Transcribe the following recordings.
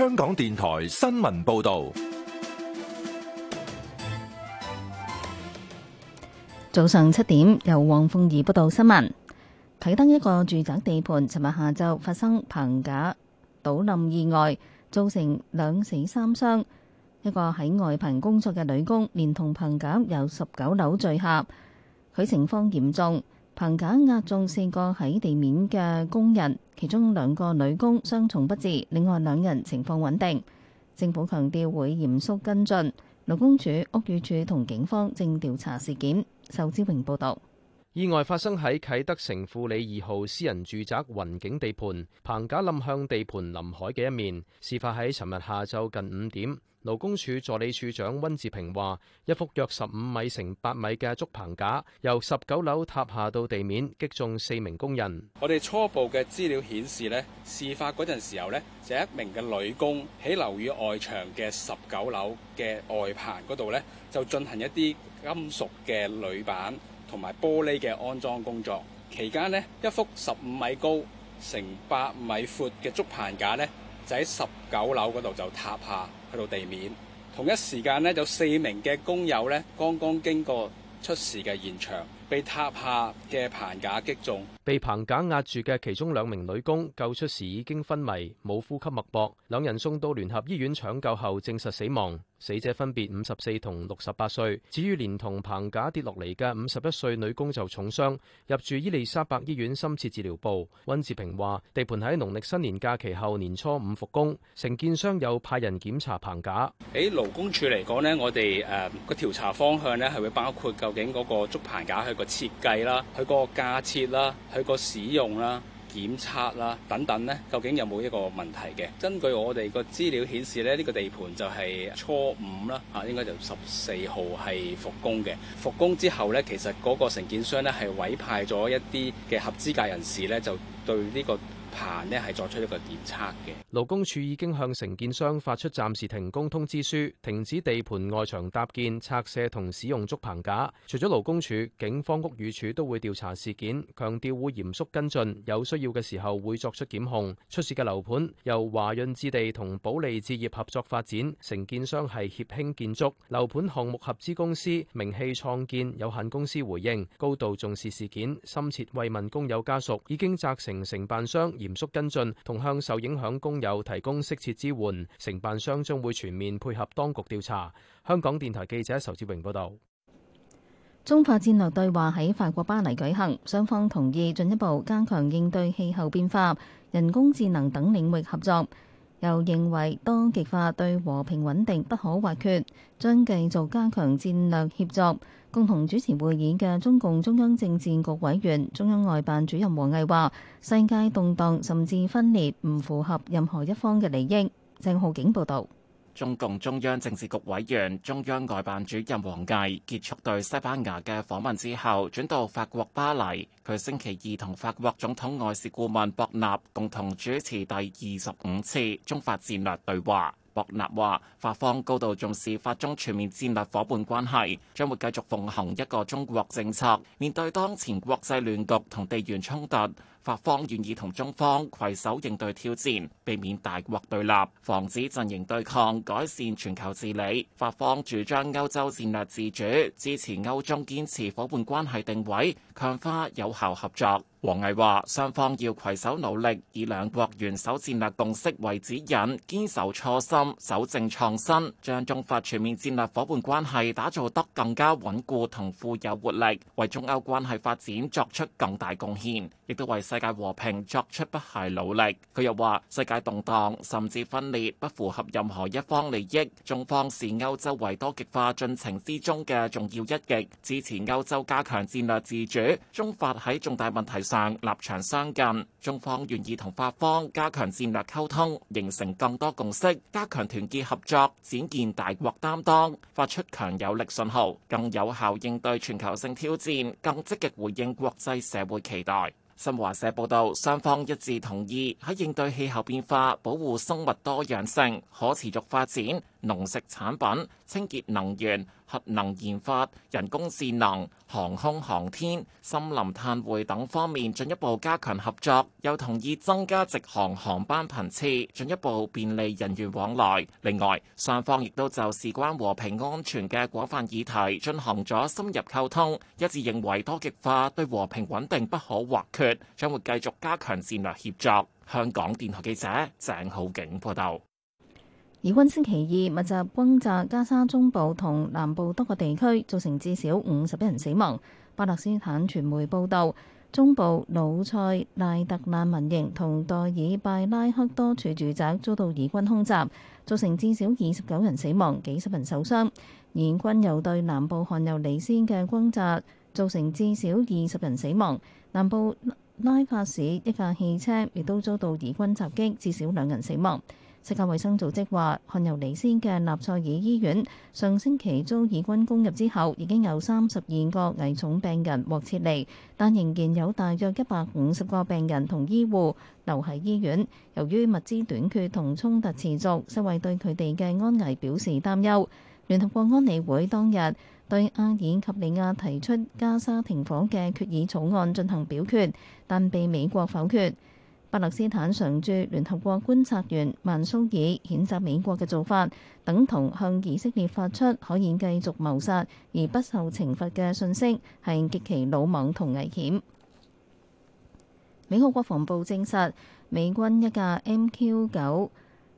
香港電台新聞報道，早上七點由黃鳳儀報道新聞。啟德一個住宅地盤，尋日下晝發生棚架倒冧意外，造成兩死三傷。一個喺外棚工作嘅女工，連同棚架由十九樓墜下，佢情況嚴重。棚架壓中四個喺地面嘅工人，其中兩個女工傷重不治，另外兩人情況穩定。政府強調會嚴肅跟進。勞工署、屋宇署同警方正調查事件。仇志榮報道，意外發生喺啟德城富里二號私人住宅雲景地盤，棚架冧向地盤臨海嘅一面。事發喺尋日下晝近五點。勞工處助理處長温志平話，一幅約十五米乘八米嘅竹棚架由十九樓塌下到地面，擊中四名工人。我哋初步嘅資料顯示呢事發嗰陣時候呢就是、一名嘅女工喺樓宇外牆嘅十九樓嘅外棚嗰度呢就進行一啲金屬嘅鋁板同埋玻璃嘅安裝工作。期間呢，一幅十五米高乘八米闊嘅竹棚架咧。喺十九樓嗰度就塌下，去到地面。同一時間咧，有四名嘅工友咧，剛剛經過出事嘅現場，被塌下嘅棚架擊中。被棚架壓住嘅其中兩名女工救出時已經昏迷、冇呼吸脈搏，兩人送到聯合醫院搶救後證實死亡。死者分別五十四同六十八歲。至於連同棚架跌落嚟嘅五十一歲女工就重傷，入住伊利沙伯醫院深切治療部。温志平話：地盤喺農曆新年假期後年初五復工，承建商又派人檢查棚架。喺勞工處嚟講咧，我哋誒個調查方向咧係會包括究竟嗰個竹棚架佢個設計啦，佢嗰個架設啦。個使用啦、檢測啦等等呢，究竟有冇一個問題嘅？根據我哋個資料顯示咧，呢個地盤就係初五啦，啊，應該就十四號係復工嘅。復工之後呢，其實嗰個承建商呢係委派咗一啲嘅合資格人士呢，就對呢個。棚呢，係作出一個檢測嘅。勞工處已經向承建商發出暫時停工通知書，停止地盤外牆搭建、拆卸同使用竹棚架。除咗勞工處，警方屋宇署都會調查事件，強調會嚴肅跟進，有需要嘅時候會作出檢控。出事嘅樓盤由華潤置地同保利置業合作發展，承建商係協興建築。樓盤項目合資公司名氣創建有限公司回應，高度重視事件，深切慰問工友家屬，已經責成,成承辦商。嚴肅跟進，同向受影響工友提供適切支援。承辦商將會全面配合當局調查。香港電台記者仇志榮報道。中法戰略對話喺法國巴黎舉行，雙方同意進一步加強應對氣候變化、人工智能等領域合作。又認為多極化對和平穩定不可或缺，將繼續加強戰略協作。共同主持會議嘅中共中央政治局委員、中央外辦主任王毅話：世界動盪甚至分裂，唔符合任何一方嘅利益。鄭浩景報道。中共中央政治局委員、中央外辦主任王毅結束對西班牙嘅訪問之後轉到法國巴黎。佢星期二同法國總統外事顧問博納共同主持第二十五次中法戰略對話。博納話，法方高度重視法中全面戰略伙伴關係，將會繼續奉行一個中國政策。面對當前國際亂局同地緣衝突，法方願意同中方攜手應對挑戰，避免大國對立，防止陣營對抗，改善全球治理。法方主張歐洲戰略自主，支持歐中堅持伙伴關係定位，強化有效合作。王毅話：雙方要攜手努力，以兩國元首戰略共識為指引，堅守初心，守正創新，將中法全面戰略伙伴關係打造得更加穩固同富有活力，為中歐關係發展作出更大貢獻，亦都為世界和平作出不懈努力。佢又話：世界動盪甚至分裂，不符合任何一方利益。中方是歐洲為多極化進程之中嘅重要一極，支持歐洲加強戰略自主。中法喺重大問題上立場相近，中方願意同法方加強戰略溝通，形成更多共識，加強團結合作，展現大國擔當，發出強有力信號，更有效應對全球性挑戰，更積極回應國際社會期待。新華社報道，雙方一致同意喺應對氣候變化、保護生物多樣性、可持續發展、農食產品、清潔能源、核能研發、人工智能、航空航天、森林碳匯等方面進一步加強合作，又同意增加直航航班頻次，進一步便利人員往來。另外，雙方亦都就事關和平安全嘅廣泛議題進行咗深入溝通，一致認為多極化對和平穩定不可或缺，將會繼續加強戰略協作。香港電台記者鄭浩景報道。以軍星期二密集轟炸加沙中部同南部多個地區，造成至少五十一人死亡。巴勒斯坦傳媒報導，中部魯塞萊特難民營同代爾拜拉克多處住宅遭到以軍空襲，造成至少二十九人死亡、幾十人受傷。以軍又對南部汗尤尼斯嘅轟炸，造成至少二十人死亡。南部拉，拉法市一架汽車亦都遭到以軍襲擊，至少兩人死亡。世界衛生組織話，漢尤尼斯嘅納賽爾醫院上星期遭以軍攻入之後，已經有三十二個危重病人獲撤離，但仍然有大約一百五十個病人同醫護留喺醫院。由於物資短缺同衝突持續，世衛對佢哋嘅安危表示擔憂。聯合國安理會當日對阿爾及利亞提出加沙停火嘅決議草案進行表決，但被美國否決。巴勒斯坦常駐聯合國觀察員曼蘇爾譴責美國嘅做法，等同向以色列發出可以繼續謀殺而不受懲罰嘅訊息，係極其魯莽同危險。美國國防部證實，美軍一架 MQ 九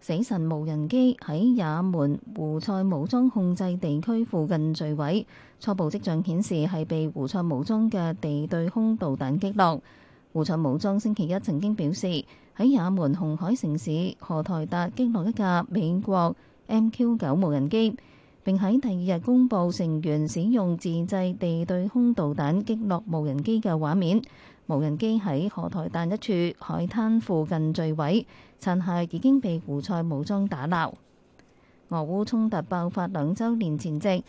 死神無人機喺也門胡塞武裝控制地區附近墜毀，初步跡象顯示係被胡塞武裝嘅地對空導彈擊落。胡塞武裝星期一曾經表示，喺也門紅海城市荷台達擊落一架美國 MQ-9 無人機，並喺第二日公布成員使用自製地對空導彈擊落無人機嘅畫面。無人機喺荷台達一處海灘附近墜毀，殘骸已經被胡塞武裝打撈。俄烏衝突突爆發兩週年前夕。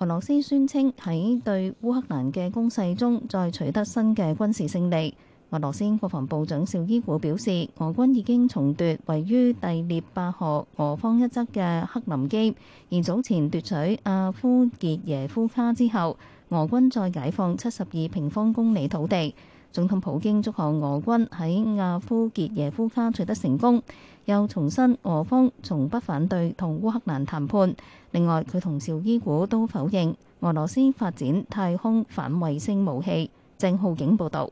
俄羅斯宣稱喺對烏克蘭嘅攻勢中再取得新嘅軍事勝利。俄羅斯國防部長邵伊古表示，俄軍已經重奪位於第聶伯河俄方一側嘅克林基，而早前奪取阿夫傑耶夫卡之後，俄軍再解放七十二平方公里土地。總統普京祝賀俄軍喺亞夫傑耶夫卡取得成功，又重申俄方從不反對同烏克蘭談判。另外，佢同紹伊古都否認俄羅斯發展太空反衛星武器。鄭浩景報道，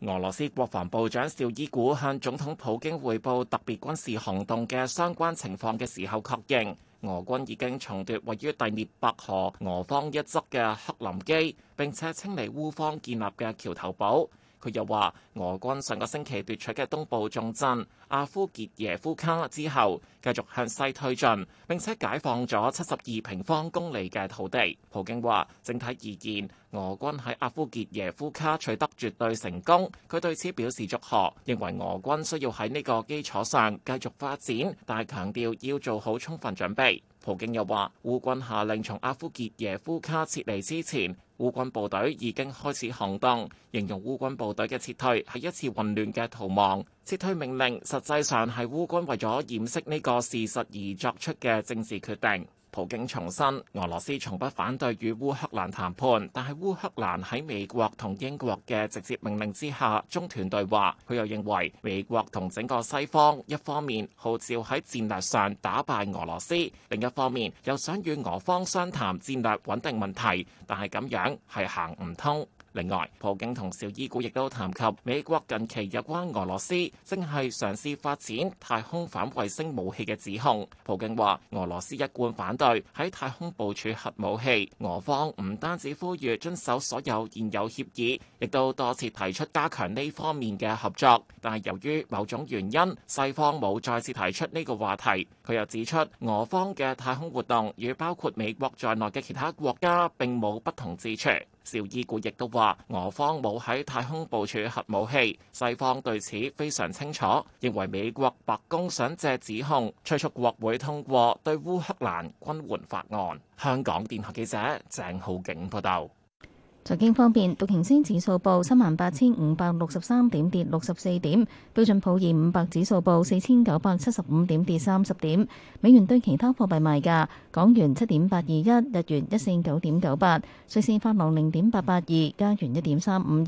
俄羅斯國防部長紹伊古向總統普京匯報特別軍事行動嘅相關情況嘅時候確認。俄軍已經重奪位於第涅伯河俄方一側嘅克林基，並且清理烏方建立嘅橋頭堡。佢又話：俄軍上個星期奪取嘅東部重鎮阿夫傑耶夫卡之後，繼續向西推進，並且解放咗七十二平方公里嘅土地。普京話：整體而言，俄軍喺阿夫傑耶夫卡取得絕對成功。佢對此表示祝賀，認為俄軍需要喺呢個基礎上繼續發展，但係強調要做好充分準備。普京又話：烏軍下令從阿夫傑耶夫卡撤離之前，烏軍部隊已經開始行動，形容烏軍部隊嘅撤退係一次混亂嘅逃亡。撤退命令實際上係烏軍為咗掩飾呢個事實而作出嘅政治決定。普京重申，俄羅斯從不反對與烏克蘭談判，但係烏克蘭喺美國同英國嘅直接命令之下中斷對話，佢又認為美國同整個西方一方面號召喺戰略上打敗俄羅斯，另一方面又想與俄方商談戰略穩定問題，但係咁樣，係行唔通。另外，普京同紹伊古亦都談及美國近期有關俄羅斯正係嘗試發展太空反衛星武器嘅指控。普京話俄羅斯一貫反對喺太空部署核武器，俄方唔單止呼籲遵守所有現有協議，亦都多次提出加強呢方面嘅合作。但係由於某種原因，西方冇再次提出呢個話題，佢又指出，俄方嘅太空活動與包括美國在內嘅其他國家並冇不同之處。邵伊古亦都話俄方冇喺太空部署核武器，西方對此非常清楚，認為美國白宮想借指控催促國會通過對烏克蘭軍援法案。香港電台記者鄭浩景報道。財經方面，道瓊斯指數報三萬八千五百六十三點跌六十四點，標準普爾五百指數報四千九百七十五點跌三十點，美元對其他貨幣賣價，港元七點八二一，日元一四九點九八，瑞士法郎零點八八二，加元一點三五二，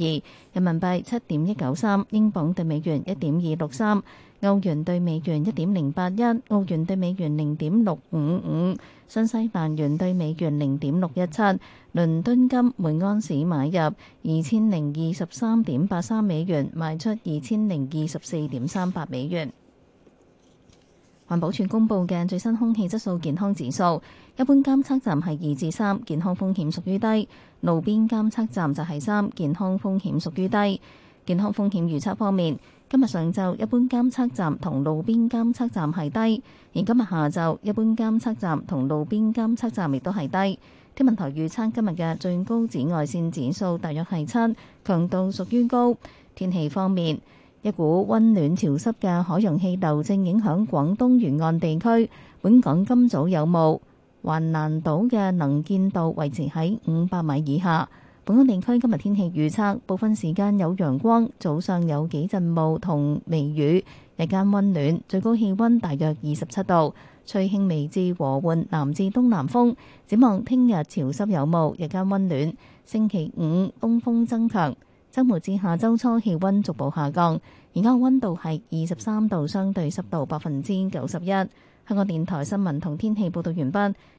人民幣七點一九三，英鎊兌美元一點二六三。歐元對美元一點零八一，澳元對美元零點六五五，新西蘭元對美元零點六一七，倫敦金每安士買入二千零二十三點八三美元，賣出二千零二十四點三八美元。環保署公布嘅最新空氣質素健康指數，一般監測站係二至三，健康風險屬於低；路邊監測站就係三，健康風險屬於低。健康風險預測方面。今日上晝一般監測站同路邊監測站係低，而今日下晝一般監測站同路邊監測站亦都係低。天文台預測今日嘅最高紫外線指數大約係七，強度屬於高。天氣方面，一股溫暖潮濕嘅海洋氣流正影響廣東沿岸地區，本港今早有霧，環南島嘅能見度維持喺五百米以下。本港地區今日天氣預測，部分時間有陽光，早上有幾陣霧同微雨，日間温暖，最高氣溫大約二十七度，吹輕微至和緩南至東南風，展望聽日潮濕有霧，日間温暖。星期五東風增強，週末至下週初氣溫逐步下降。而家溫度係二十三度，相對濕度百分之九十一。香港電台新聞同天氣報道完畢。